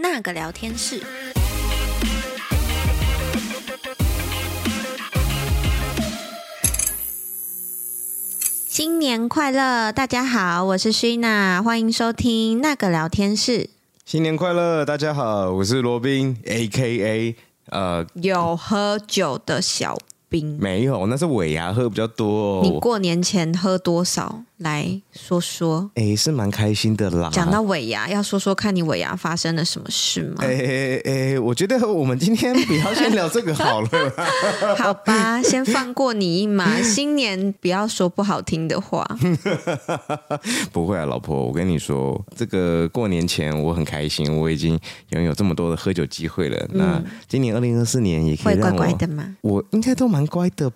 那個聊天室，新年快樂，大家好，我是 Sheena，歡迎收聽那個聊天室。新年快樂，大家好，我是羅賓，AKA，呃，有喝酒的小兵，沒有，那是尾牙喝比較多哦。你過年前喝多少？來說說，誒、欸，是蠻開心的啦。講到尾牙，要說說看你尾牙發生了什麼事嗎？誒、欸欸欸，我覺得我們今天不要先聊這個好了。 好吧，先放過你一馬。 新年不要說不好聽的話。不會啊，老婆，我跟你說，這個過年前我很開心，我已經擁有這麼多的喝酒機會了。嗯、那今年二零二四年也可以會乖乖的嗎？我應該都蠻乖的。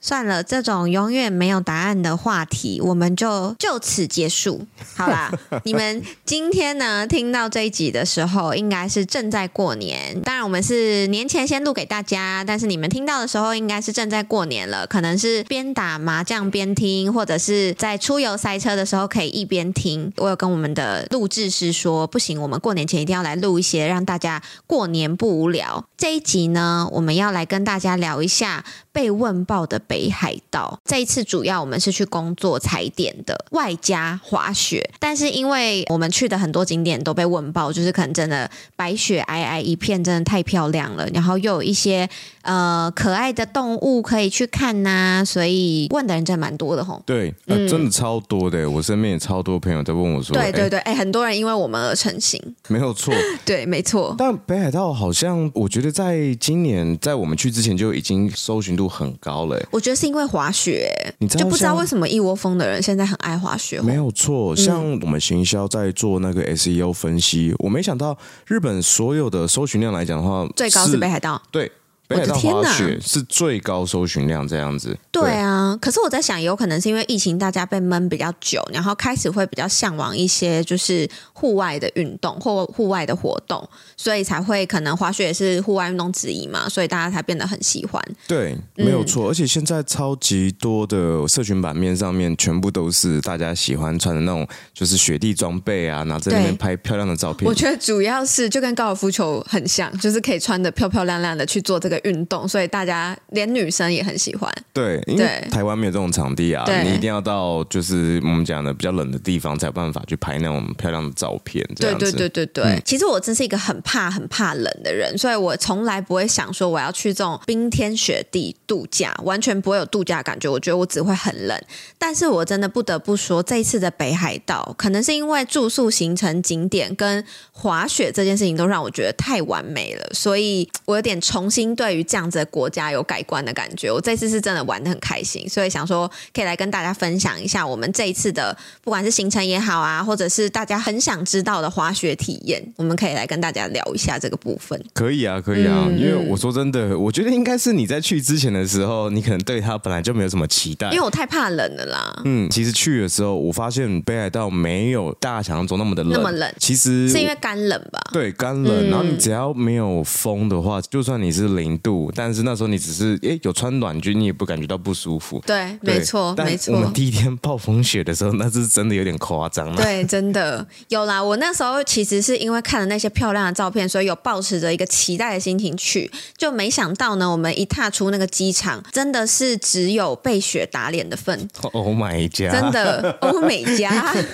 算了，這種永遠沒有答案的話題，我們就就此結束。好啦， 你們今天呢聽到這一集的時候，應該是正在過年。當然，我們是年前先錄給大家，但是你們聽到的時候，應該是正在過年了。可能是邊打麻將邊聽，或者是在出遊塞車的時候，可以一邊聽。我有跟我們的錄製師說，不行，我們過年前一定要來錄一些，讓大家過年不無聊。這一集呢，我們要來跟大家聊一下。被問爆的北海道，這一次主要我們是去工作踩點的，外加滑雪。但是因為我們去的很多景點都被問爆，就是可能真的白雪皚皚一片，真的太漂亮了。然後又有一些呃可愛的動物可以去看吶、啊，所以問的人真的蠻多的吼。對、呃，真的超多的，我身邊也超多朋友在問我說，對，對對對，哎誒，很多人因為我們而成行，沒有錯， 對，沒錯。但北海道好像我覺得在今年在我們去之前就已經搜尋度很高嘞、欸，我覺得是因為滑雪、欸，你就不知道為什麼一窩蜂的人現在很愛滑雪。沒有錯，像我們行銷在做那個 SEO 分析，我沒想到日本所有的搜尋量來講的話，最高是北海道。對。我的天哪，滑雪是最高搜尋量這樣子。對啊，可是我在想，有可能是因為疫情，大家被悶比較久，然後開始會比較嚮往一些就是戶外的運動或戶外的活動，所以才會可能滑雪也是戶外運動之一嘛，所以大家才變得很喜歡。對，沒有錯。嗯，而且現在超級多的社群版面上面，全部都是大家喜歡穿的那種，就是雪地裝備啊，然後在裡面拍漂亮的照片。我覺得主要是就跟高爾夫球很像，就是可以穿的漂漂亮亮亮的去做這個運動，所以大家連女生也很喜歡。對，因為台灣沒有這種場地啊，對你一定要到就是我們講的比較冷的地方才有辦法去拍那種漂亮的照片，這樣子。對，對、嗯，對，對，對。其實我真是一個很怕、很怕冷的人，所以我從來不會想說我要去這種冰天雪地度假，完全不會有度假感覺。我覺得我只會很冷。但是我真的不得不說，這一次的北海道，可能是因為住宿、行程、景點跟滑雪這件事情，都讓我覺得太完美了，所以我有點重新對。對於這樣子的國家有改觀的感覺，我這次是真的玩的很開心，所以想說可以來跟大家分享一下我們這一次的，不管是行程也好啊，或者是大家很想知道的滑雪體驗，我們可以來跟大家聊一下這個部分。可以啊，可以啊，嗯、因為、嗯、我說真的，我覺得應該是你在去之前的時候，你可能對它本來就沒有什麼期待，因為我太怕冷了啦。嗯，其實去的時候我發現北海道沒有大家想象中那麼的冷，那麼冷，其實是因為乾冷吧？對，乾冷。嗯、然後你只要沒有風的話，就算你是零。度，但是那時候你只是哎、欸、有穿暖軍，你也不感覺到不舒服。對，沒錯，沒錯。但我們第一天暴風雪的時候，那是真的有點誇張啊。對，真的有啦。我那時候其實是因為看了那些漂亮的照片，所以有抱持着一個期待的心情去，就沒想到呢，我們一踏出那個機場，真的是只有被雪打臉的份 oh 的。Oh my God！真的，Oh my God。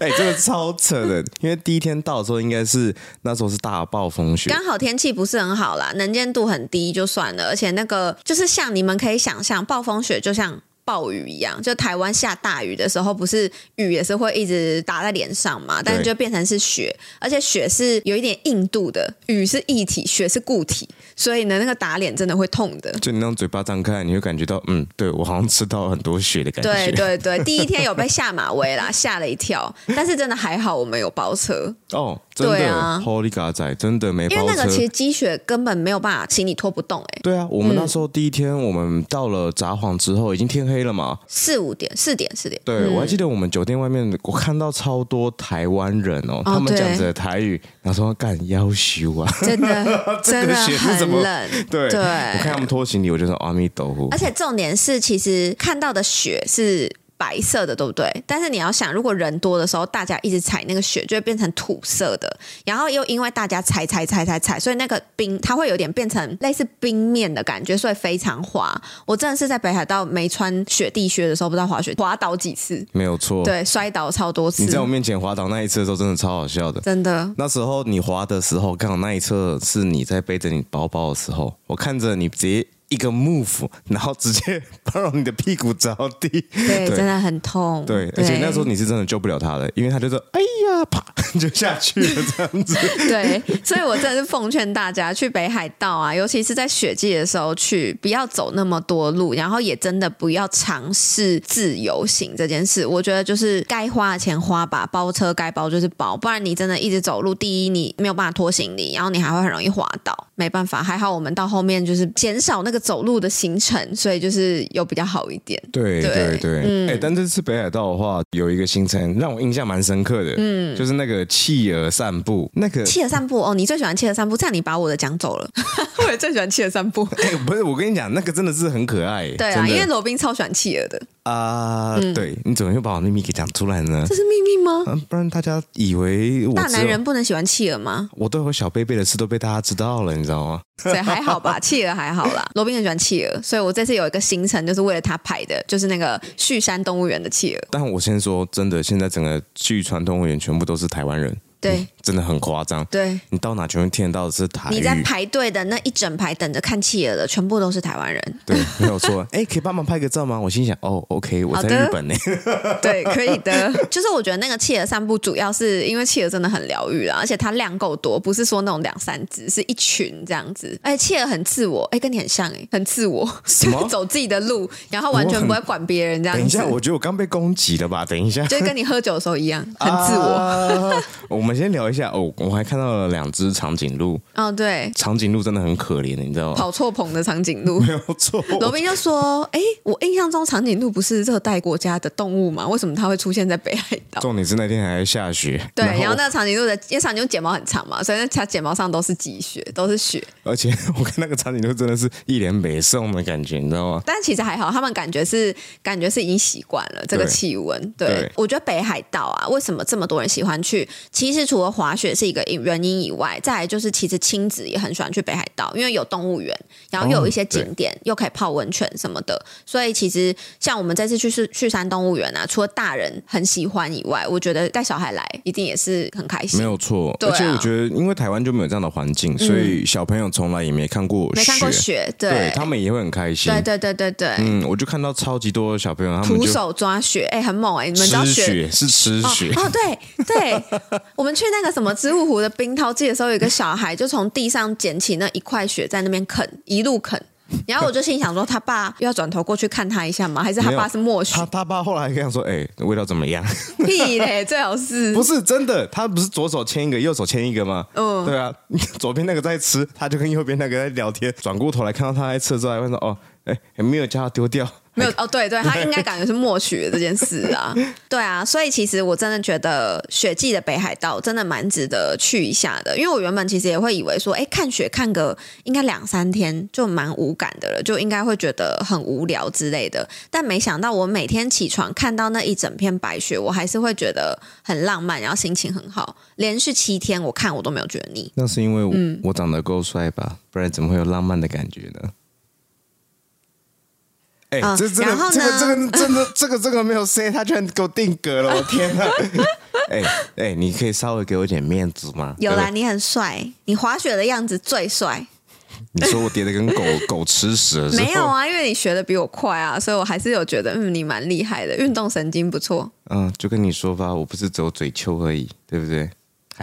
哎，真的超扯的，因為第一天到的時候應，應該是那時候是大暴風雪，剛好天氣不是很好啦，能見。度很低就算了，而且那個就是像你們可以想象，暴風雪就像暴雨一樣，就台灣下大雨的時候，不是雨也是會一直打在臉上嘛？但是就變成是雪，而且雪是有一點硬度的，雨是液體，雪是固體，所以呢，那個打臉真的會痛的。就你那種嘴巴張開，你會感覺到，嗯，對我好像吃到了很多雪的感覺。對對對，第一天有被下馬威了啦，嚇 了一跳，但是真的還好，我們有包車哦，真的，Holy God，、啊、真的沒因為那個其實積雪根本沒有辦法，行李拖不動哎、欸。對啊，我們那時候第一天我們到了札幌之後，嗯、已經天黑了。黑了嗎？四五點，四點，四點。對，嗯、我還記得我們酒店外面，我看到超多台灣人哦，哦他們講着台語，對然後說“幹，夭壽啊”，真的，真的很冷。對對，對我看他們拖行李，我就說阿彌陀佛。而且重點是，其實看到的雪是。白色的對不對？但是你要想，如果人多的時候，大家一直踩那個雪，就會變成土色的。然後又因為大家踩、踩、踩、踩、踩，所以那個冰它會有點變成類似冰面的感覺，所以非常滑。我真的是在北海道沒穿雪地靴的時候，不知道滑雪滑倒幾次。沒有錯，對，摔倒超多次。你在我面前滑倒那一次的時候，真的超好笑的。真的，那時候你滑的時候，剛好那一側是你在背着你包包的時候，我看着你直接。一個 move，然後直接把你的屁股着地，對，對真的很痛。對，對而且那時候你是真的救不了他的，對因為他就說：“哎呀，啪！”就下去了，這樣子。 對，所以，我真的是奉勸大家，去北海道啊，尤其是在雪季的時候去，不要走那麼多路，然後也真的不要嘗試自由行這件事。我覺得就是該花的錢花吧，包車該包就是包，不然你真的一直走路，第一你沒有辦法拖行李，然後你還會很容易滑倒，沒辦法。還好我們到後面就是減少那個走路的行程，所以就是又比較好一點。對對對，哎、嗯，欸，但這次北海道的話，有一個行程讓我印象蠻深刻的，嗯，就是那個。企鵝散步，那個企鵝散步哦，你最喜歡企鵝散步，這樣你把我的講走了。 我也最喜歡企鵝散步。哎，不是，我跟你講，那個真的是很可愛。對啊，的因為羅賓超喜歡企鵝的。啊、呃，嗯、對，你怎麼又把我秘密給講出來呢？這是秘密嗎、啊？不然大家以為我大男人不能喜歡企鵝嗎？我都有小貝貝的事都被大家知道了，你知道嗎？對，還好吧， 企鵝還好啦。羅賓很喜歡企鵝，所以我這次有一個行程就是為了他排的，就是那個旭山動物園的企鵝。但我先說真的，現在整個旭川動物園全部都是台灣人。對、嗯，真的很誇張。對，你到哪，全部聽得到的是台語。你在排隊的那一整排等着看企鵝的，全部都是台灣人。對，沒有錯。哎、 欸，可以幫忙拍個照嗎？我心想，哦，OK，我在日本呢、欸。對，可以的。 就是我覺得那個企鵝散步，主要是因為企鵝真的很療癒啦，而且它量夠多，不是說那種兩三隻，是一群這樣子。哎，企鵝很自我，哎、欸，跟你很像、欸，哎，很自我，就麼 走自己的路，然後完全不會管別人這樣子。等一下，我覺得我剛被攻擊了吧？等一下，就跟你喝酒的時候一樣，很自我。我們、啊。 先聊一下哦，我還看到了兩隻長頸鹿。哦，對，長頸鹿真的很可憐，你知道嗎？跑錯棚的長頸鹿。 沒有錯錯。羅賓就說：“哎、欸，我印象中長頸鹿不是熱帶國家的動物嗎？為什麼它會出現在北海道？”重點是那天還在下雪。對，然後，然後那個長頸鹿的，因為長頸鹿睫毛很長嘛，所以它睫毛上都是積雪，都是雪。而且我看那個長頸鹿真的是一臉北宋的感覺，你知道嗎？但其實還好，他們感覺是感覺是已經習慣了這個氣溫。對，對對，我覺得北海道啊，為什麼這麼多人喜歡去？其實。其實除了滑雪是一個原因以外，再來就是其實親子也很喜歡去北海道，因為有動物園，然後又有一些景點，哦、又可以泡溫泉什麼的。所以其實像我們這次去旭山動物園啊，除了大人很喜歡以外，我覺得帶小孩來一定也是很開心。沒有錯，啊、而且我覺得因為台灣就沒有這樣的環境，所以小朋友從來也沒看過、嗯、沒看過雪，對，對，他們也會很開心。對對對對對，嗯，我就看到超級多小朋友他們徒手抓雪，哎、欸，很猛哎、欸，你們知道雪，吃雪是吃雪哦，哦，對對， 我們去那個什麼支笏湖的冰濤季的時候，有一個小孩就從地上撿起那一塊雪，在那邊啃，一路啃。然後我就心想說，他爸又要轉頭過去看他一下嗎？還是他爸是默許？他爸後來跟我說：“哎、欸，味道怎麼樣？”屁嘞，最好是不是真的？他不是左手牽一個，右手牽一個嗎？嗯，對啊，左邊那個在吃，他就跟右邊那個在聊天。轉過頭來看到他在吃之後，還問說：“哦，哎、欸，也沒有叫他丟掉。”沒有哦，對對，他應該感覺是默許這件事啊， 對啊，所以其實我真的覺得雪季的北海道真的蠻值得去一下的，因為我原本其實也會以為說，哎，看雪看個應該兩三天就蠻無感的了，就應該會覺得很無聊之類的，但沒想到我每天起床看到那一整片白雪，我還是會覺得很浪漫，然後心情很好，連續七天我看我都沒有覺得膩，那是因為我、嗯、我長得夠帥吧，不然怎麼會有浪漫的感覺呢？哎，這個、這個這個這個這個這個這個沒有 say，他居然給我定格了，我天吶，哎哎，你可以稍微給我點面子嗎？有啦，對對，你很帥，你滑雪的樣子最帥。你說我跌得跟狗狗吃屎的？沒有啊，因為你學得比我快啊，所以我還是有覺得，嗯，你蠻厲害的，運動神經不錯。嗯，就跟你說吧，我不是只有嘴秋而已，對不對？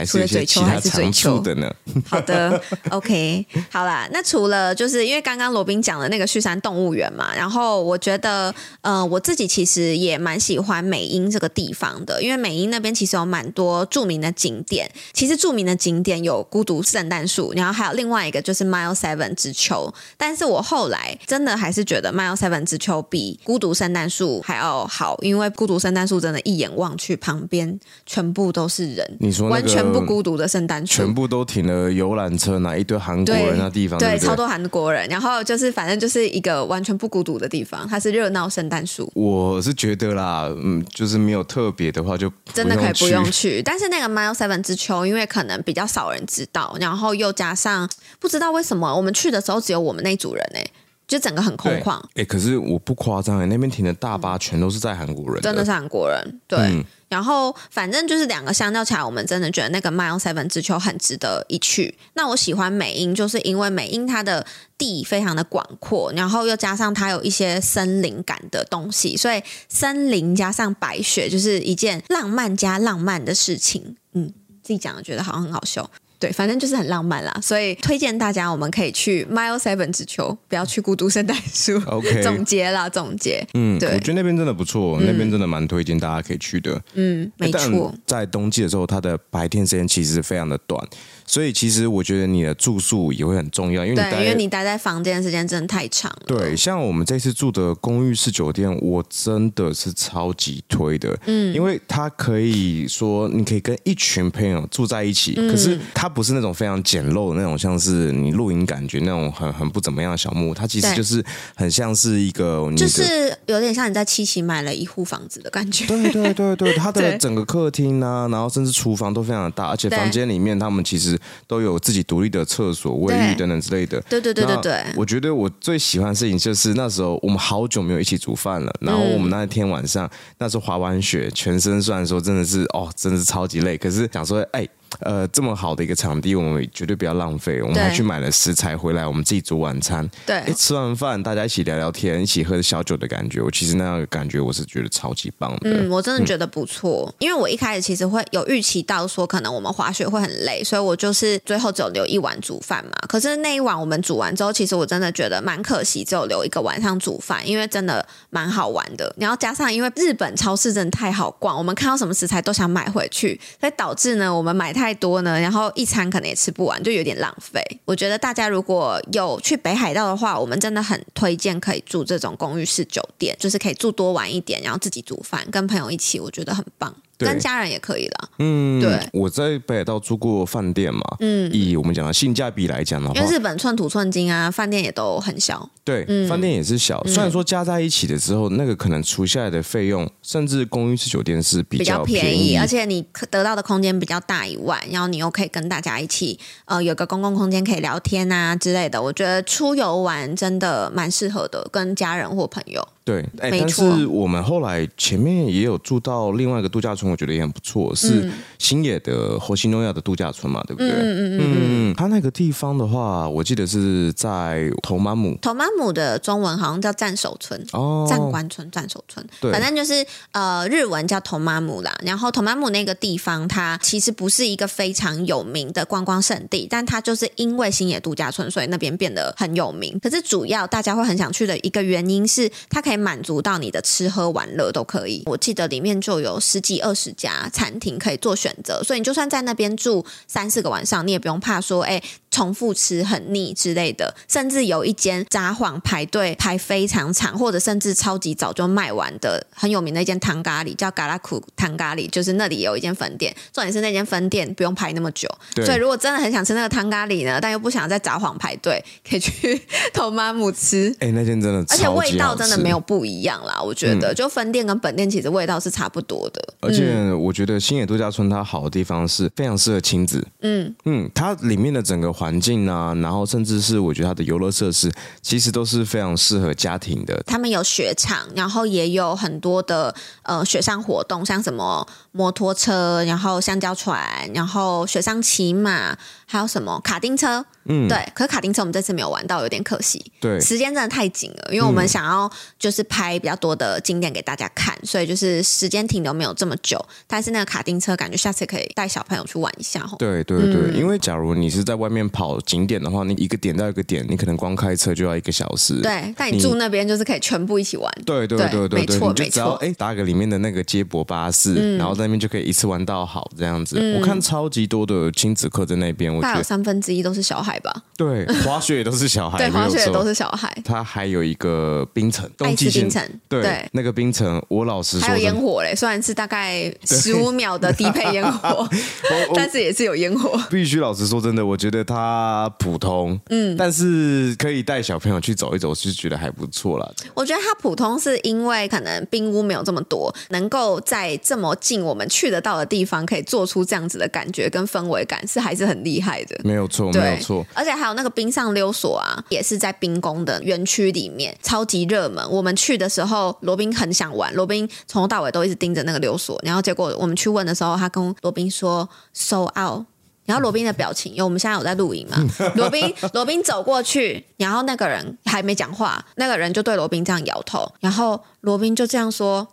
除了嘴秋還是嘴秋的呢。好的 ，OK，好啦，那除了就是因為剛剛羅賓講的那個旭山動物園嘛，然後我覺得，呃，我自己其實也蠻喜歡美英這個地方的，因為美英那邊其實有蠻多著名的景點。其實著名的景點有孤獨聖誕樹，然後還有另外一個就是 Mile Seven 之秋。但是我後來真的還是覺得 Mile Seven 之秋比孤獨聖誕樹還要好，因為孤獨聖誕樹真的，一眼望去旁邊全部都是人，你說完全。不孤獨的聖誕樹，全部都停了遊覽車哪一堆韓國人的對地方對對，對，超多韓國人。然後就是反正就是一個完全不孤獨的地方，它是熱鬧聖誕樹。我是覺得啦，嗯，就是沒有特別的話就，就真的可以不用去。但是那個 Mild Seven 之丘，因為可能比較少人知道，然後又加上不知道為什麼我們去的時候只有我們那組人，欸，呢，就整個很空曠。哎，欸，可是我不誇張，欸，那邊停的大巴全都是在韓國人，真的是韓國人，對。嗯然後，反正就是兩個相較起來，我們真的覺得那個 Mile Seven 之丘很值得一去。那我喜歡美瑛，就是因為美瑛它的地非常的廣闊，然後又加上它有一些森林感的東西，所以森林加上白雪就是一件浪漫加浪漫的事情。嗯，自己講的覺得好像很好笑。對，反正就是很浪漫啦，所以推薦大家，我們可以去 Mile Seven 之丘，不要去孤獨聖誕樹。OK，總結啦，總結，嗯，對，我覺得那邊真的不錯，嗯、那邊真的蠻推薦大家可以去的，嗯，沒錯、欸，在冬季的時候，它的白天時間其實非常的短。所以其實我覺得你的住宿也會很重要，因為你待因為你待在房間的時間真的太長了。對，對像我們這次住的公寓式酒店，我真的是超級推的，嗯，因為它可以說你可以跟一群朋友住在一起，嗯、可是它不是那種非常簡陋的那種，像是你露營感覺那種很很不怎麼樣的小木屋，它其實就是很像是一個你，對你的就是有點像你在七夕買了一戶房子的感覺。對對對對，它的整個客廳呢、啊， 對然後甚至廚房都非常的大，而且房間裡面他們其實。都有自己獨立的廁所、衛浴等等之類的。對對對對對，對，我覺得我最喜歡的事情就是那時候我們好久沒有一起煮飯了。然後我們那一天晚上，那時候滑完雪，全身雖然說真的是哦，真的是超級累，可是想說哎。欸呃，這麼好的一個場地，我們絕對不要浪費。對我們還去買了食材回來，我們自己煮晚餐。對，一、欸、吃完飯大家一起聊聊天，一起喝小酒的感覺，我其實那樣的感覺，我是覺得超級棒的。嗯，我真的覺得不錯，嗯、因為我一開始其實會有預期到說，可能我們滑雪會很累，所以我就是最後只有留一碗煮飯嘛。可是那一碗我們煮完之後，其實我真的覺得蠻可惜，只有留一個晚上煮飯，因為真的蠻好玩的。然後加上因為日本超市真的太好逛，我們看到什麼食材都想買回去，所以導致呢，我們買太太多呢，然後一餐可能也吃不完，就有點浪費。我覺得大家如果有去北海道的話，我們真的很推薦可以住這種公寓式酒店，就是可以住多晚一點，然後自己煮飯，跟朋友一起，我覺得很棒。跟家人也可以的，嗯，對，我在北海道住過飯店嘛，嗯，以我們講的性價比來講的話，因為日本寸土寸金啊，飯店也都很小，對，嗯、飯店也是小，雖然說加在一起的時候，嗯、那個可能除下來的費用，甚至公寓式酒店是比較，比較便宜，而且你得到的空間比較大一晚，然後你又可以跟大家一起，呃，有個公共空間可以聊天啊之類的，我覺得出遊玩真的蠻適合的，跟家人或朋友。對，哎、欸，沒錯，但是我們後來前面也有住到另外一個度假村，我覺得也很不錯，嗯、是星野的 Hoshinoya 的度假村嘛，對不對？嗯嗯嗯嗯，嗯，嗯，嗯，它那個地方的話，我記得是在 u, 頭媽姆，頭媽姆的中文好像叫戰守村哦，戰關村、戰守村，對反正就是呃日文叫頭媽姆啦。然後頭媽姆那個地方，它其實不是一個非常有名的觀光勝地，但它就是因為星野度假村，所以那邊變得很有名。可是主要大家會很想去的一個原因是，它可以。滿足到你的吃喝玩樂都可以。我記得裡面就有十幾二十家餐廳可以做選擇，所以你就算在那邊住三四個晚上，你也不用怕說，哎、欸。重複吃很膩之類的，甚至有一間札幌排隊排非常長，或者甚至超級早就賣完的很有名的一間湯咖喱叫嘎拉庫湯咖喱，就是那裡有一間分店，重點是那間分店不用排那麼久。對所以如果真的很想吃那個湯咖喱呢，但又不想在札幌排隊，可以去偷媽姆吃。哎、欸，那間真的超級好吃，而且味道真的沒有不一樣啦，我覺得、嗯、就分店跟本店其實味道是差不多的。而且我覺得星野度假村它好的地方是非常適合親子。嗯嗯，它裡面的整個。環境啊，然後甚至是我覺得它的遊樂設施其實都是非常適合家庭的。他們有雪場，然後也有很多的呃雪上活動，像什麼摩托車，然後香蕉船，然後雪上騎馬，還有什麼卡丁車。嗯，對，可是卡丁車我們這次沒有玩到，有點可惜。對，時間真的太緊了，因為我們想要就是拍比較多的景點給大家看，所以就是時間停留沒有這麼久。但是那個卡丁車感覺下次可以帶小朋友去玩一下哦。對對對，因為假如你是在外面跑景點的話，你一個點到一個點，你可能光開車就要一個小時。對，但你住那邊就是可以全部一起玩。對對對對對，沒錯沒錯，只要哎搭個裡面的那個接駁巴士，然後在那邊就可以一次玩到好這樣子。我看超級多的親子客在那邊，我覺得三分之一都是小孩。對滑雪也都是小孩， 對滑雪也都是小孩。他還有一個冰城，冬季冰城，對，對那個冰城，我老實說還有煙火嘞，雖然是大概十五秒的低配煙火，對 我但是也是有煙火。必須老實說真的，我覺得它普通，嗯，但是可以帶小朋友去走一走，我是覺得還不錯啦。我覺得它普通是因為可能冰屋沒有這麼多，能夠在這麼近我們去得到的地方，可以做出這樣子的感覺跟氛圍感，是還是很厲害的。沒有錯，對沒有錯。而且還有那個冰上溜索啊，也是在冰宮的園區裡面，超級熱門。我們去的時候，羅賓很想玩，羅賓從頭到尾都一直盯着那個溜索，然後結果我們去問的時候，他跟羅賓說 sold out，然後羅賓的表情，因為 我們現在有在錄影嘛，羅賓羅賓走過去，然後那個人還沒講話，那個人就對羅賓這樣搖頭，然後羅賓就這樣說，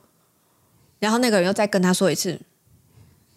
然後那個人又再跟他說一次。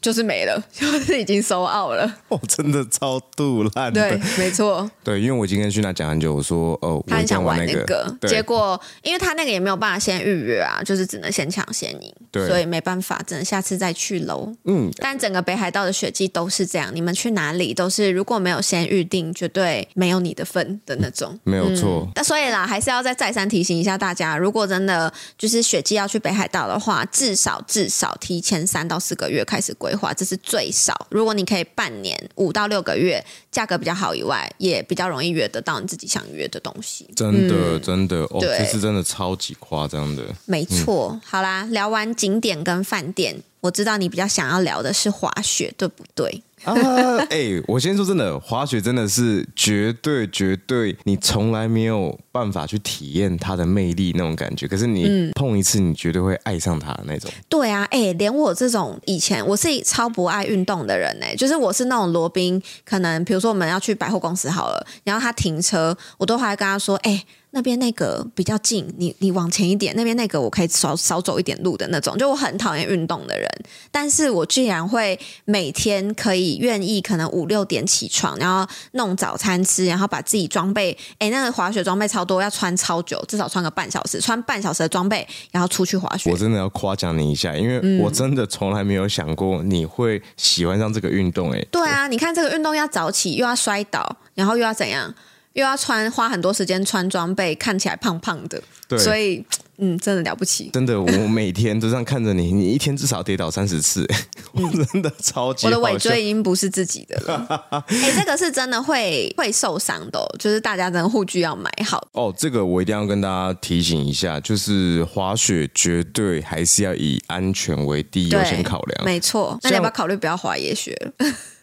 就是沒了，就是已經 sold out 了。哦，真的超賭爛。對，沒錯。 對，因為我已經跟 Sheena 講很久，我說哦，我很想玩那個，對結果因為他那個也沒有辦法先預約啊，就是只能先搶先贏，對所以沒辦法，只能下次再去嘍。嗯，但整個北海道的雪季都是這樣，你們去哪裡都是如果沒有先預定，絕對沒有你的份的那種。嗯、沒有錯。那、嗯、所以啦，還是要再，再再三提醒一下大家，如果真的就是雪季要去北海道的話，至少至少提前三到四個月開始規。這是最少，如果你可以半年五到六個月價格比較好以外，也比較容易約得到你自己想約的東西。真的，嗯、真的，哦，對這是真的超級誇張的。沒錯，嗯、好啦，聊完景點跟飯店，我知道你比較想要聊的是滑雪，對不對？ 啊、欸，我先說真的，滑雪真的是絕對絕對，你從來沒有辦法去體驗它的魅力那種感覺。可是你碰一次，你絕對會愛上它的那種。嗯、對啊，誒、欸、連我這種以前我是超不愛運動的人、欸，哎，就是我是那種羅賓，可能比如說我們要去百貨公司好了，然後他停車，我都還跟他說，哎、欸。那邊那個比較近，你你往前一點，那邊那個我可以少少走一點路的那種。就我很討厭運動的人，但是我居然會每天可以願意，可能五六點起床，然後弄早餐吃，然後把自己裝備，誒、欸，那個滑雪裝備超多，要穿超久，至少穿個半小時，穿半小時的裝備，然後出去滑雪。我真的要誇獎你一下，因為我真的從來沒有想過你會喜歡上這個運動誒、欸，對，對啊，你看這個運動要早起，又要摔倒，然後又要怎樣？又要穿花很多時間穿裝備，看起來胖胖的，對所以嗯，真的了不起。真的，我每天都這樣看着你，你一天至少跌倒三十次，我真的超級。我的尾椎已經不是自己的了，哎、 欸，這個是真的會會受傷的、哦，就是大家真的護具要買好的哦。這個我一定要跟大家提醒一下，就是滑雪絕對還是要以安全為第一優對先考量，沒錯。那你要不要考慮不要滑野雪？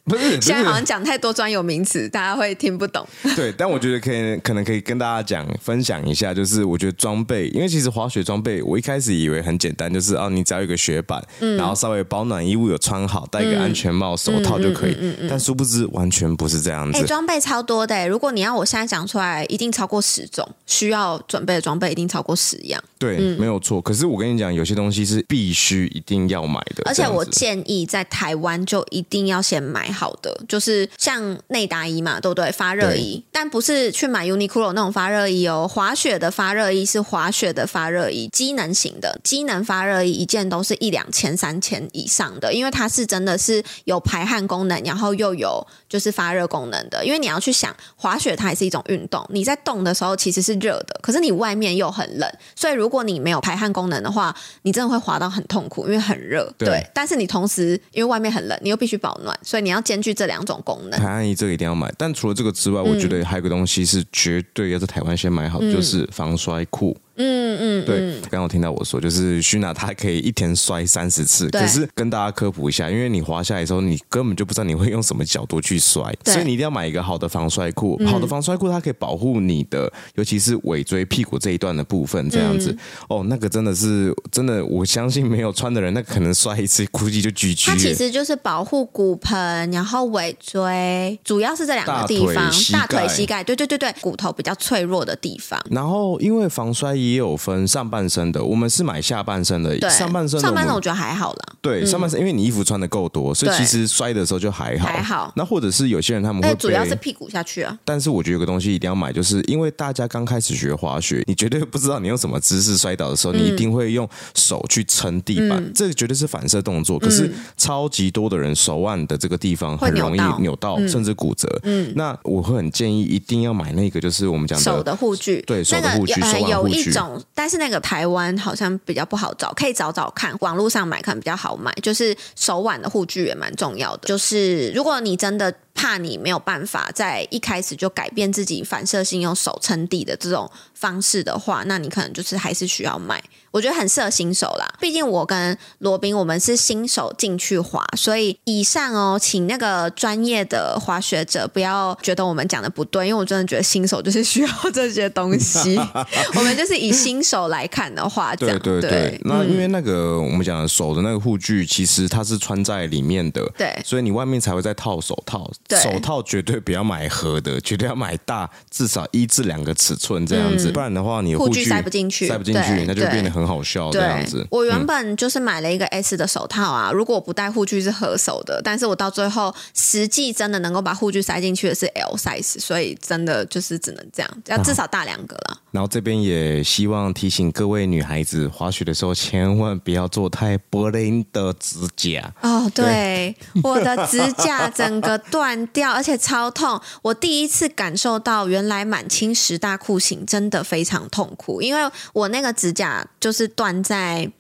不是，現在好像講太多專有名詞， 大家會聽不懂。對，但我覺得可以，可能可以跟大家講分享一下。就是我覺得裝備，因為其實滑雪裝備，我一開始以為很簡單，就是啊你只要一個雪板，嗯、然後稍微保暖衣物有穿好，戴一個安全帽、嗯、手套就可以。嗯嗯嗯嗯嗯、但殊不知，完全不是這樣子。欸、裝備超多的、欸，如果你要我現在講出來，一定超過十種，需要準備的裝備一定超過十樣。對，嗯、沒有錯。可是我跟你講，有些東西是必須一定要買的，而且我建議在台灣就一定要先買。好的，就是像內搭衣嘛，對不對？發熱衣，對但不是去買 Uniqlo 那種發熱衣哦。滑雪的發熱衣是滑雪的發熱衣，機能型的機能發熱衣，一件都是一兩千、三千以上的，因為它是真的是有排汗功能，然後又有就是發熱功能的。因為你要去想滑雪，它也是一種運動，你在動的時候其實是熱的，可是你外面又很冷，所以如果你沒有排汗功能的話，你真的會滑到很痛苦，因為很熱。對，對但是你同時因為外面很冷，你又必須保暖，所以你要。兼具這兩種功能，台安儀這個一定要買。但除了這個之外，嗯、我覺得還有個東西是絕對要在台灣先買好，嗯、就是防摔褲。嗯嗯，嗯對，嗯嗯、剛剛我聽到我說，就是 Sheena 她可以一天摔三十次，對可是跟大家科普一下，因為你滑下來的時候，你根本就不知道你會用什麼角度去摔，對所以你一定要買一個好的防摔褲。嗯、好的防摔褲，它可以保護你的，尤其是尾椎、屁股這一段的部分，這樣子。嗯、哦，那個真的是真的，我相信沒有穿的人，那個、可能摔一次估計就 GG 了。它其實就是保護骨盆，然後尾椎，主要是這兩個地方，大腿膝、大腿膝蓋，對對對對，骨頭比較脆弱的地方。然後因為防摔衣。也有分上半身的，我們是買下半身的，上半身上半身我覺得還好了。對，上半身因為你衣服穿得夠多，所以其實摔的時候就還好。還好。那或者是有些人他們會主要是屁股下去啊。但是我覺得有個東西一定要買，就是因為大家剛開始學滑雪，你絕對不知道你用什麼姿勢摔倒的時候，你一定會用手去撐地板，這個絕對是反射動作。可是超級多的人手腕的這個地方很容易扭到，甚至骨折。嗯。那我會很建議一定要買那個，就是我們講的手的護具，對，手的護具，手腕護具。但是那個台灣好像比較不好找，可以找找看，網絡上買可能比較好買。就是手腕的護具也蠻重要的，就是如果你真的。怕你沒有辦法在一開始就改變自己反射性用手撐地的這種方式的話，那你可能就是還是需要買。我覺得很適合新手啦，畢竟我跟羅賓我們是新手進去滑，所以以上哦、喔，請那個專業的滑雪者不要覺得我們講的不對，因為我真的覺得新手就是需要這些東西。 我們就是以新手來看的話，這樣對對對。對那因為那個、嗯、我們講的手的那個護具，其實它是穿在裡面的，對，所以你外面才會再套手套。對手套絕對不要買合的，絕對要買大，至少一至兩個尺寸這樣子，嗯、不然的話，你護具塞不進去，對塞不進去，對那就變得很好笑這樣子。我原本就是買了一個 S 的手套啊，嗯、如果我不戴護具是合手的，但是我到最後實際真的能夠把護具塞進去的是 L size，所以真的就是只能這樣，要至少大兩個了、啊。然後這邊也希望提醒各位女孩子滑雪的時候，千萬不要做太 bling 的指甲。哦，對，對我的指甲整個斷。 掉，而且超痛！我第一次感受到，原來滿清十大酷刑真的非常痛苦，因為我那個指甲就是斷在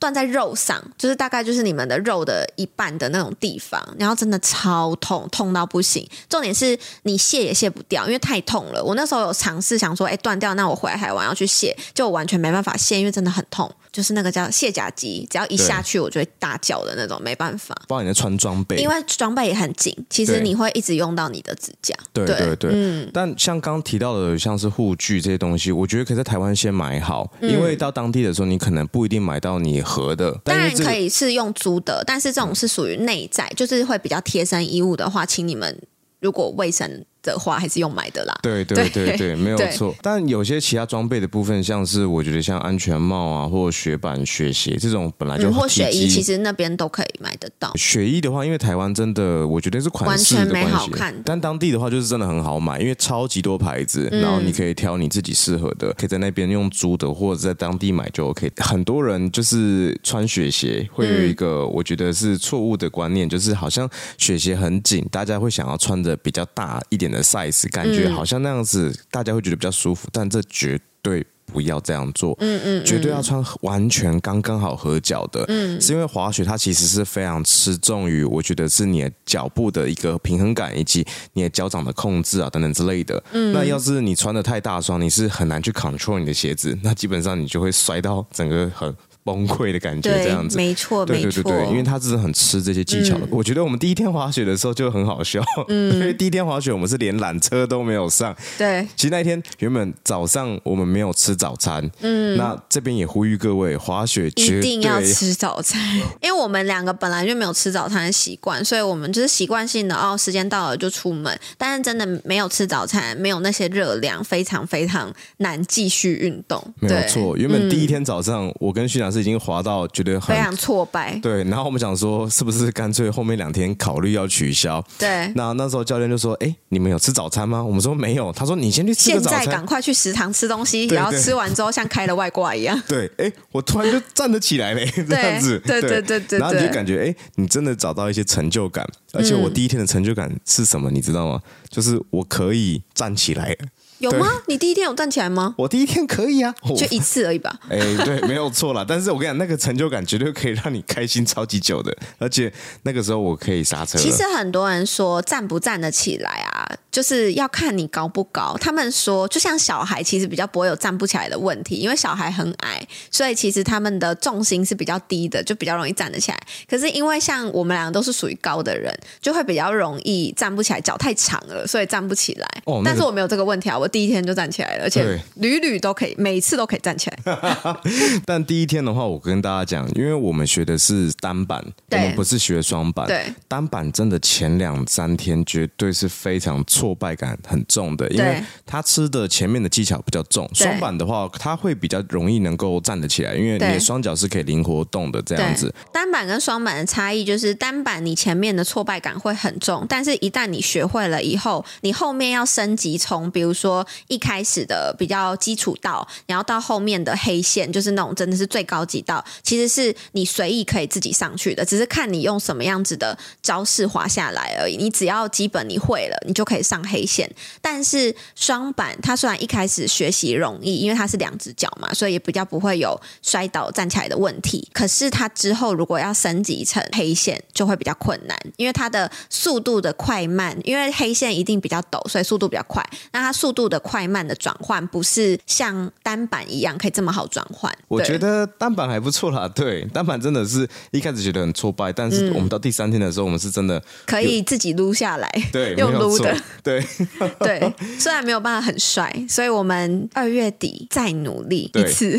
斷在肉上，就是大概就是你們的肉的一半的那種地方，然後真的超痛，痛到不行。重點是你卸也卸不掉，因為太痛了。我那時候有嘗試想說，哎、欸，斷掉，那我回來台灣要去卸，就完全沒辦法卸，因為真的很痛。就是那個叫卸甲機，只要一下去，我就會大叫的那種，對沒辦法。不然你在穿裝備，因為裝備也很緊，其實你會一直用到你的指甲。對對對。對嗯。但像剛提到的，像是護具這些東西，我覺得可以在台灣先買好，因為到當地的時候，你可能不一定買到你。當然可以是用租的，但是這種是屬於內在，嗯、就是會比較貼身衣物的話，請你們如果衛生的話還是用買的啦，對對對對，沒有錯。但有些其他裝備的部分，像是我覺得像安全帽啊，或雪板、雪鞋這種，本來就或雪衣，其實那邊都可以買得到。雪衣的話，因為台灣真的我覺得是款式沒好看。但當地的話就是真的很好買，因為超級多牌子，然後你可以挑你自己適合的，可以在那邊用租的，或者在當地買就 OK。很多人就是穿雪鞋會有一個我覺得是錯誤的觀念，就是好像雪鞋很緊，大家會想要穿着比較大一點。的 size 感覺好像那樣子，嗯、大家會覺得比較舒服，但這絕對不要這樣做。嗯嗯，嗯嗯絕對要穿完全剛剛好合腳的。嗯，是因為滑雪它其實是非常吃重於，我覺得是你的腳部的一個平衡感以及你的腳掌的控制啊等等之類的。嗯、那要是你穿的太大雙，你是很難去 control 你的鞋子，那基本上你就會摔到整個很。崩潰的感覺這樣子，沒錯，沒錯。對，因為他只是很吃這些技巧。我覺得我們第一天滑雪的時候就很好笑，因為第一天滑雪我們是連纜車都沒有上。對，其實那一天原本早上我們沒有吃早餐，嗯，那這邊也呼籲各位滑雪一定要吃早餐，因為我們兩個本來就沒有吃早餐的習慣，所以我們就是習慣性的哦，時間到了就出門，但是真的沒有吃早餐，沒有那些熱量，非常非常難繼續運動。沒有錯，原本第一天早上我跟徐陽是。已經滑到覺得非常挫敗，對。然後我們想說，是不是乾脆後面兩天考慮要取消？對。那那時候教練就說：“哎、欸，你們有吃早餐嗎？”我們說沒有。他說：“你先去吃早餐，現在趕快去食堂吃東西，對對對，然後吃完之後像開了外掛一樣。對”對，哎、欸，我突然就站得起來 這樣子，對對對對，對。對對，然後你就感覺，哎、欸，你真的找到一些成就感。而且我第一天的成就感是什麼？嗯、你知道嗎？就是我可以站起來。有嗎？對你第一天有站起來嗎？我第一天可以啊，喔、就一次而已吧。哎、欸，對，沒有錯啦。 但是我跟你講，那個成就感絕對可以讓你開心超級久的。而且那個時候我可以剎車。其實很多人說站不站得起來啊。就是要看你高不高。他們說，就像小孩，其實比較不會有站不起來的問題，因為小孩很矮，所以其實他們的重心是比較低的，就比較容易站得起來。可是因為像我們兩個都是屬於高的人，就會比較容易站不起來，腳太長了，所以站不起來。哦，那個，但是我沒有這個問題啊，我第一天就站起來了，而且對屢屢都可以，每次都可以站起來。 但第一天的話，我跟大家講，因為我們學的是單板，對我們不是學雙板，對，單板真的前兩三天絕對是非常。挫敗感很重的，因為他吃的前面的技巧比較重。對雙板的話，他會比較容易能夠站得起來，因為你的雙腳是可以靈活動的這樣子。單板跟雙板的差異就是，單板你前面的挫敗感會很重，但是一旦你學會了以後，你後面要升級從比如說一開始的比較基礎道，然後到後面的黑線，就是那種真的是最高級道，其實是你隨意可以自己上去的，只是看你用什麼樣子的招式滑下來而已。你只要基本你會了，你就可以，上黑線，但是雙板它雖然一開始學習容易，因為它是兩隻腳嘛，所以也比較不會有摔倒站起來的問題。可是它之後如果要升級成黑線，就會比較困難，因為它的速度的快慢，因為黑線一定比較陡，所以速度比較快。那它速度的快慢的轉換，不是像單板一樣可以這麼好轉換。我覺得單板還不錯啦，對，單板真的是一開始覺得很挫敗，嗯，但是我們到第三天的時候，我們是真的可以自己擼下來，對，用擼的。對 對，雖然沒有辦法很帥，所以我們二月底再努力一次。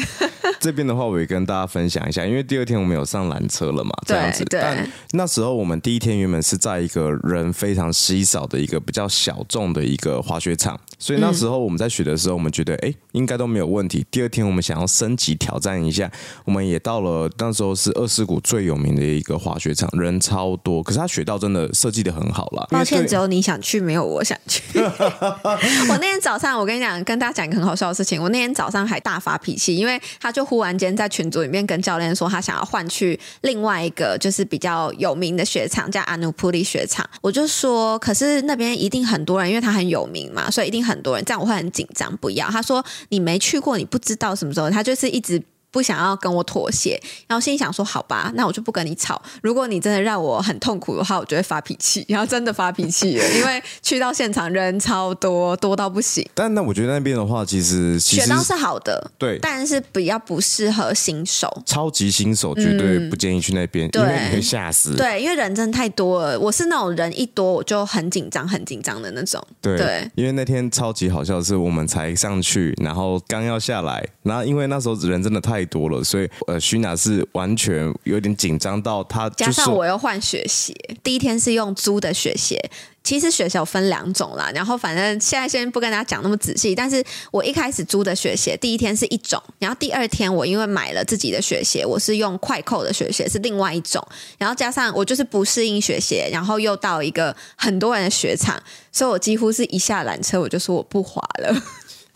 這邊的話，我也跟大家分享一下，因為第二天我們有上纜車了嘛，這樣子。對。對，但那時候我們第一天原本是在一個人非常稀少的一個比較小眾的一個滑雪場，所以那時候我們在雪的時候，我們覺得哎、嗯欸，應該都沒有問題。第二天我們想要升級挑戰一下，我們也到了那時候是二世谷最有名的一個滑雪場，人超多，可是他雪道真的設計得很好了。抱歉，只有你想去，沒有我。去！ 我那天早上，我跟你講，跟大家講一個很好笑的事情。我那天早上還大發脾氣，因為他就忽然間在群組裡面跟教練說，他想要換去另外一個，就是比較有名的雪場，叫阿努普利雪場。我就說，可是那邊一定很多人，因為他很有名嘛，所以一定很多人。這樣我會很緊張，不要。他說你沒去過，你不知道什麼時候。他就是一直。不想要跟我妥協，然後心裡想說好吧，那我就不跟你吵。如果你真的讓我很痛苦的話，我就會發脾氣，然後真的發脾氣了。 因為去到現場人超多，多到不行。但那我覺得那邊的話，其實選到是好的，對，但是比較不適合新手，超級新手絕對不建議去那邊，嗯、因為你會嚇死。對，因為人真的太多了。我是那種人一多我就很緊張、很緊張的那種。對，對因為那天超級好笑的是，我們才上去，然後剛要下來，然後因為那時候人真的太。太多了，所以呃，徐娜是完全有點緊張到他。加上我又換雪鞋，第一天是用租的雪鞋。其實雪鞋有分兩種啦，然後反正現在先不跟大家講那麼仔細。但是我一開始租的雪鞋，第一天是一種，然後第二天我因為買了自己的雪鞋，我是用快扣的雪鞋，是另外一種。然後加上我就是不適應雪鞋，然後又到一個很多人的雪場，所以我幾乎是一下纜車我就說我不滑了。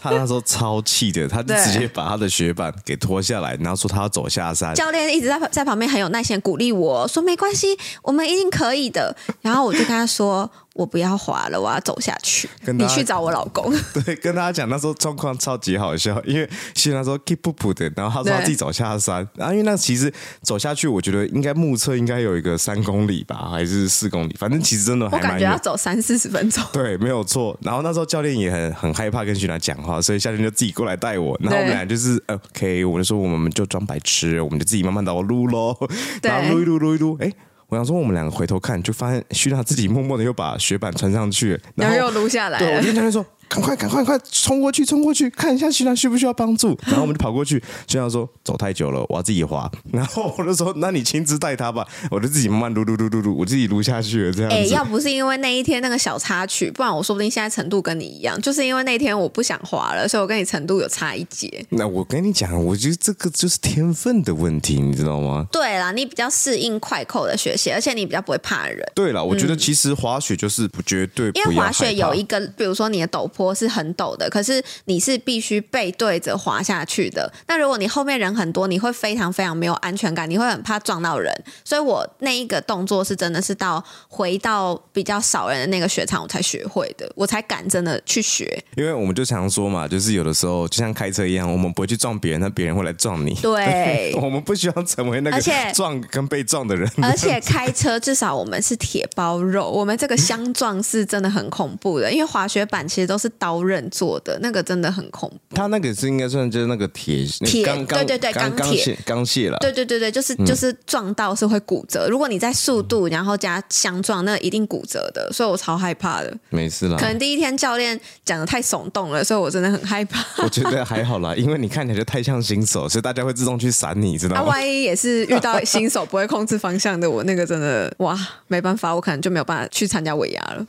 他那時候超氣的，他就直接把他的雪板給脫下來，對然後說他要走下山。教練一直在在旁邊很有耐心鼓勵我說：“沒關係，我們一定可以的。” 然後我就跟他說。我不要滑了，我要走下去。他你去找我老公。對，跟大家講那時候狀況超級好笑，因為徐楠說 keep 不補的，然後他說他自己走下山，然後對、啊、因為那其實走下去，我覺得應該目測應該有一個三公里吧，還是四公里，反正其實真的還蠻遠。我感覺要走三四十分鐘。對，沒有錯。然後那時候教練也很很害怕跟徐楠講話，所以夏天就自己過來帶我。然後我們倆就是對 o、okay, k 我們說我們就裝白痴，我們就自己慢慢的我擼咯對然後擼一擼擼一擼，哎、欸。我想說，我們兩個回頭看，就發現徐娜自己默默的又把雪板穿上去，然後，然後又擼下來。對，對我跟他說。趕快，趕快，快衝過去，衝過去，看一下徐亮需不需要幫助。然後我們就跑過去。徐亮 說：“走太久了，我要自己滑。”然後我就說：“那你親自帶他吧。”我就自己慢慢擼擼擼擼擼，我自己擼下去了。這樣子，哎、欸，要不是因為那一天那個小插曲，不然我說不定現在程度跟你一樣。就是因為那天我不想滑了，所以我跟你程度有差一截。那我跟你講，我覺得這個就是天分的問題，你知道嗎？對了，你比較適應快扣的學習，而且你比較不會怕人。對了，我覺得其實滑雪就是不絕對不、嗯、因為滑雪有一個，比如說你的陡。坡是很陡的，可是你是必須背對着滑下去的。那如果你後面人很多，你會非常非常沒有安全感，你會很怕撞到人。所以我那一個動作是真的是到回到比較少人的那個雪場我才學會的，我才敢真的去學。因為我們就常說嘛，就是有的時候就像開車一樣，我們不會去撞別人，但別人會來撞你。對， 我們不需要成為那個撞跟被撞的人的而。而且開車至少我們是鐵包肉，我們這個相撞是真的很恐怖的。 因為滑雪板其實都是。是刀刃做的，那個真的很恐怖。他那個是應該算就是那個鐵鐵，對對對，鋼鐵鋼鐵了。對對對，就是就是撞到是會骨折。如果你在速度然後加相撞，那一定骨折的。所以我超害怕的。沒事啦，可能第一天教練講得太聳動了，所以我真的很害怕。我覺得還好啦，因為你看起來就太像新手，所以大家會自動去閃你，你知道嗎？那萬一也是遇到新手不會控制方向的，我那個真的哇，沒辦法，我可能就沒有辦法去參加尾牙了。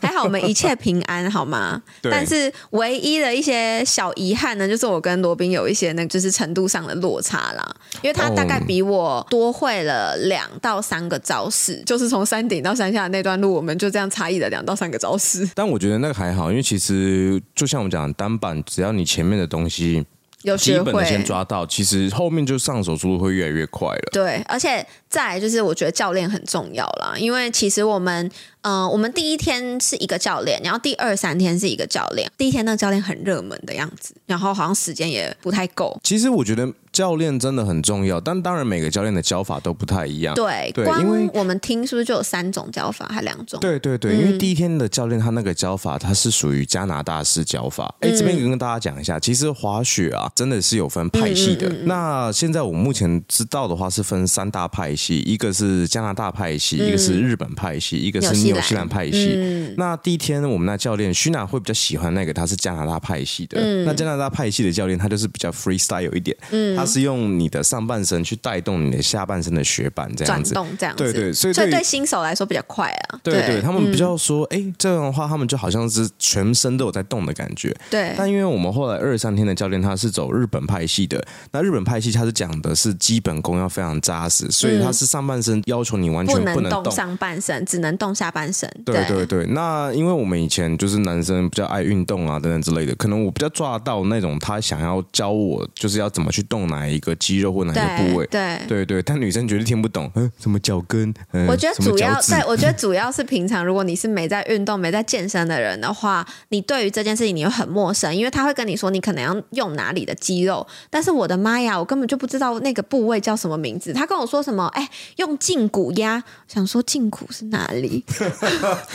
還好我們一切平安，好嗎？對但是唯一的一些小遺憾呢，就是我跟羅賓有一些那個就是程度上的落差啦，因為他大概比我多會了兩到三個招式，哦、就是從山頂到山下的那段路，我們就這樣差異了兩到三個招式。但我覺得那個還好，因為其實就像我們講單板，只要你前面的東西。有機會基本的先抓到，其實後面就上手速度會越來越快了。對，而且再來就是我覺得教練很重要啦，因為其實我們，嗯、呃，我們第一天是一個教練，然後第二三天是一個教練。第一天那個教練很熱門的樣子，然後好像時間也不太夠。其實我覺得。教練真的很重要，但當然每個教練的教法都不太一樣。對，對，因為我們聽是不是就有三種教法，還兩種？對對對，因為第一天的教練他那個教法，他是屬於加拿大式教法。哎，這邊跟跟大家講一下，其實滑雪啊真的是有分派系的。那現在我目前知道的話是分三大派系，一個是加拿大派系，一個是日本派系，一個是紐西蘭派系。那第一天我們那教練，Sheena 會比較喜歡那個，他是加拿大派系的。那加拿大派系的教練，他就是比較 freestyle 一點。嗯。他是用你的上半身去帶動你的下半身的雪板這樣子，動，這樣子，對，對對，所以對，所以對新手來說比較快啊。對，對對，他們比較說，哎、嗯欸，這樣的話他們就好像是全身都有在動的感覺。對。但因為我們後來二三天的教練他是走日本派系的，那日本派系他是講的是基本功要非常扎實，所以他是上半身要求你完全不能動，不能動上半身，只能動下半身。對，對對對。那因為我們以前就是男生比較愛運動啊等等之類的，可能我比較抓到那種他想要教我就是要怎麼去動。哪一個肌肉或哪一個部位對？對對對，但女生絕對聽不懂，嗯、欸，什麼腳跟？欸、我覺得主要對我覺得主要是平常，如果你是沒在運動、 沒在健身的人的話，你對於這件事情你又很陌生，因為他會跟你說你可能要用哪裡的肌肉，但是我的媽呀，我根本就不知道那個部位叫什麼名字。他跟我說什麼？哎、欸，用脛骨壓，想說脛骨是哪裡？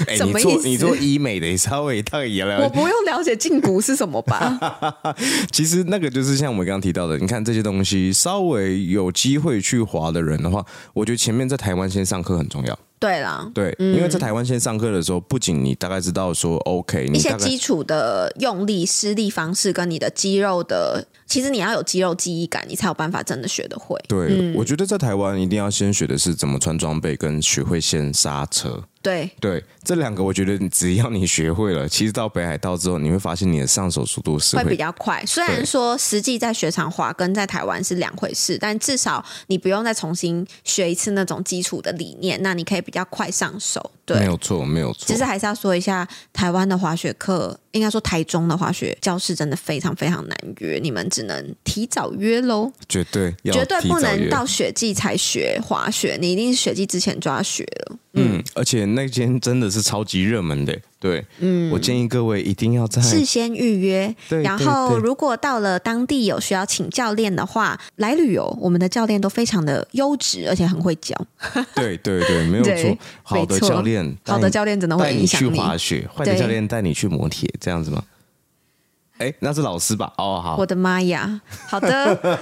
欸、 什麼意思？你做你做醫美的稍微也太嚴了，我不用了解脛骨是什麼吧？ 其實那個就是像我們剛剛提到的，你看這些。東西稍微有機會去滑的人的話，我覺得前面在台灣先上課很重要。對啦，對，嗯，因為在台灣先上課的時候，不僅你大概知道說 OK 你一些基礎的用力施力方式跟你的肌肉的，其實你要有肌肉記憶感，你才有辦法真的學得會。對，嗯，我覺得在台灣一定要先學的是怎麼穿裝備，跟學會先剎車。對對，這兩個我覺得只要你學會了，其實到北海道之後，你會發現你的上手速度是會，會比較快。雖然說實際在雪場滑跟在台灣是兩回事，但至少你不用再重新學一次那種基礎的理念，那你可以比較快上手。對，沒有錯，沒有錯。其實還是要說一下台灣的滑雪課。應該說，台中的滑雪教室真的非常非常難約，你們只能提早約嘍，絕對要提早約，絕對不能到雪季才學滑雪，你一定是雪季之前就要學了。嗯，嗯，而且那間真的是超級熱門的、欸。對，嗯，我建議各位一定要在事先預約。然後，如果到了當地有需要請教練的話，來旅遊，我們的教練都非常的優質，而且很會教。對對對，沒有錯。好的教練，好的教練真的會影響你。滑雪，壞的教練帶你去摩鐵，這樣子嗎？哎，那是老師吧？哦，好，我的媽呀！好的，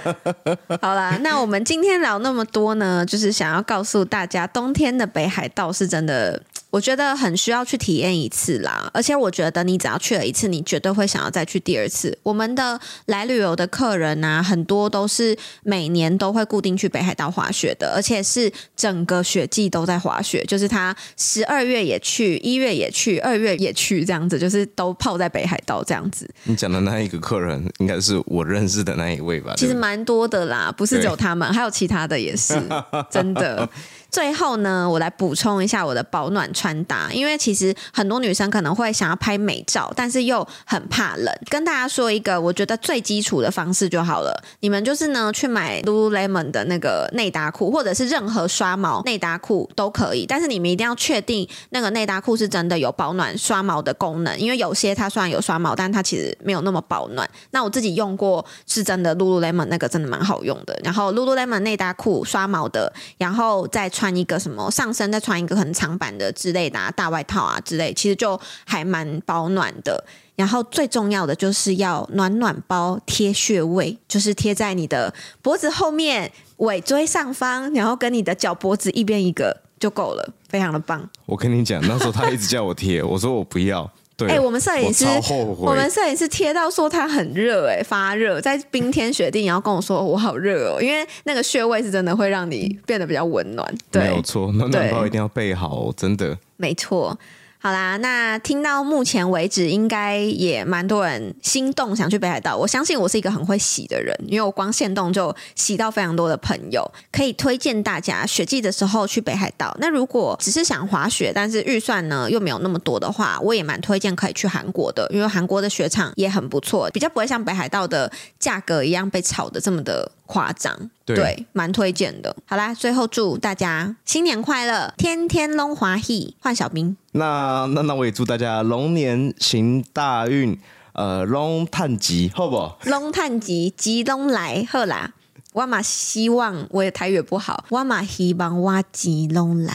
好了，那我們今天聊那麼多呢，就是想要告訴大家，冬天的北海道是真的。我覺得很需要去體驗一次啦，而且我覺得你只要去了一次，你絕對會想要再去第二次。我們的來旅遊的客人啊，很多都是每年都會固定去北海道滑雪的，而且是整個雪季都在滑雪，就是他十二月也去，一月也去，二月也去，這樣子就是都泡在北海道這樣子。你講的那一個客人，應該是我認識的那一位吧？對對，其實蠻多的啦，不是只有他們，對還有其他的也是，真的。 最後呢，我來補充一下我的保暖穿搭，因為其實很多女生可能會想要拍美照，但是又很怕冷。跟大家說一個我覺得最基礎的方式就好了，你們就是呢去買 Lululemon 的那個內搭褲，或者是任何刷毛內搭褲都可以。但是你們一定要確定那個內搭褲是真的有保暖刷毛的功能，因為有些它雖然有刷毛，但它其實沒有那麼保暖。那我自己用過是真的 Lululemon 那個真的蠻好用的，然後 Lululemon 內搭褲刷毛的，然後再穿。穿一個什麼上身，再穿一個很長版的之類的、啊、大外套啊之類，其實就還蠻保暖的。然後最重要的就是要暖暖包貼穴位，就是貼在你的脖子後面尾椎上方，然後跟你的腳脖子一邊一個就夠了，非常的棒。我跟你講，那時候他一直叫我貼， 我說我不要。哎對、欸，我們攝影師，我,我們攝影師貼到說它很熱，哎，發熱，在冰天雪地，然後跟我說我好熱哦、喔，因為那個穴位是真的會讓你變得比較溫暖，對，沒有錯，暖暖包一定要備好、喔，真的，沒錯。好啦，那聽到目前為止，應該也蠻多人心動想去北海道。我相信我是一個很會洗的人，因為我光限動，就洗到非常多的朋友，可以推薦大家雪季的時候去北海道。那如果只是想滑雪，但是預算呢又沒有那麼多的話，我也蠻推薦可以去韓國的，因為韓國的雪場也很不錯，比較不會像北海道的價格一樣被炒得這麼的。誇張，對，對，蠻推薦的。好啦，最後祝大家新年快樂，天天龍華氣，換小兵。那那那我也祝大家龍年行大運，呃，龍探吉好不？龍探吉吉龍來，好啦，我嘛希望我也台語不好，我嘛希望我吉龍來。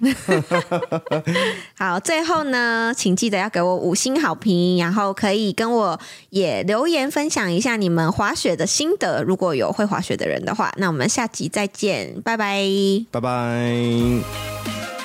好，最後呢，請記得要給我五星好評，然後可以跟我也留言分享一下你們滑雪的心得，如果有會滑雪的人的話，那我們下集再見，拜拜，拜拜。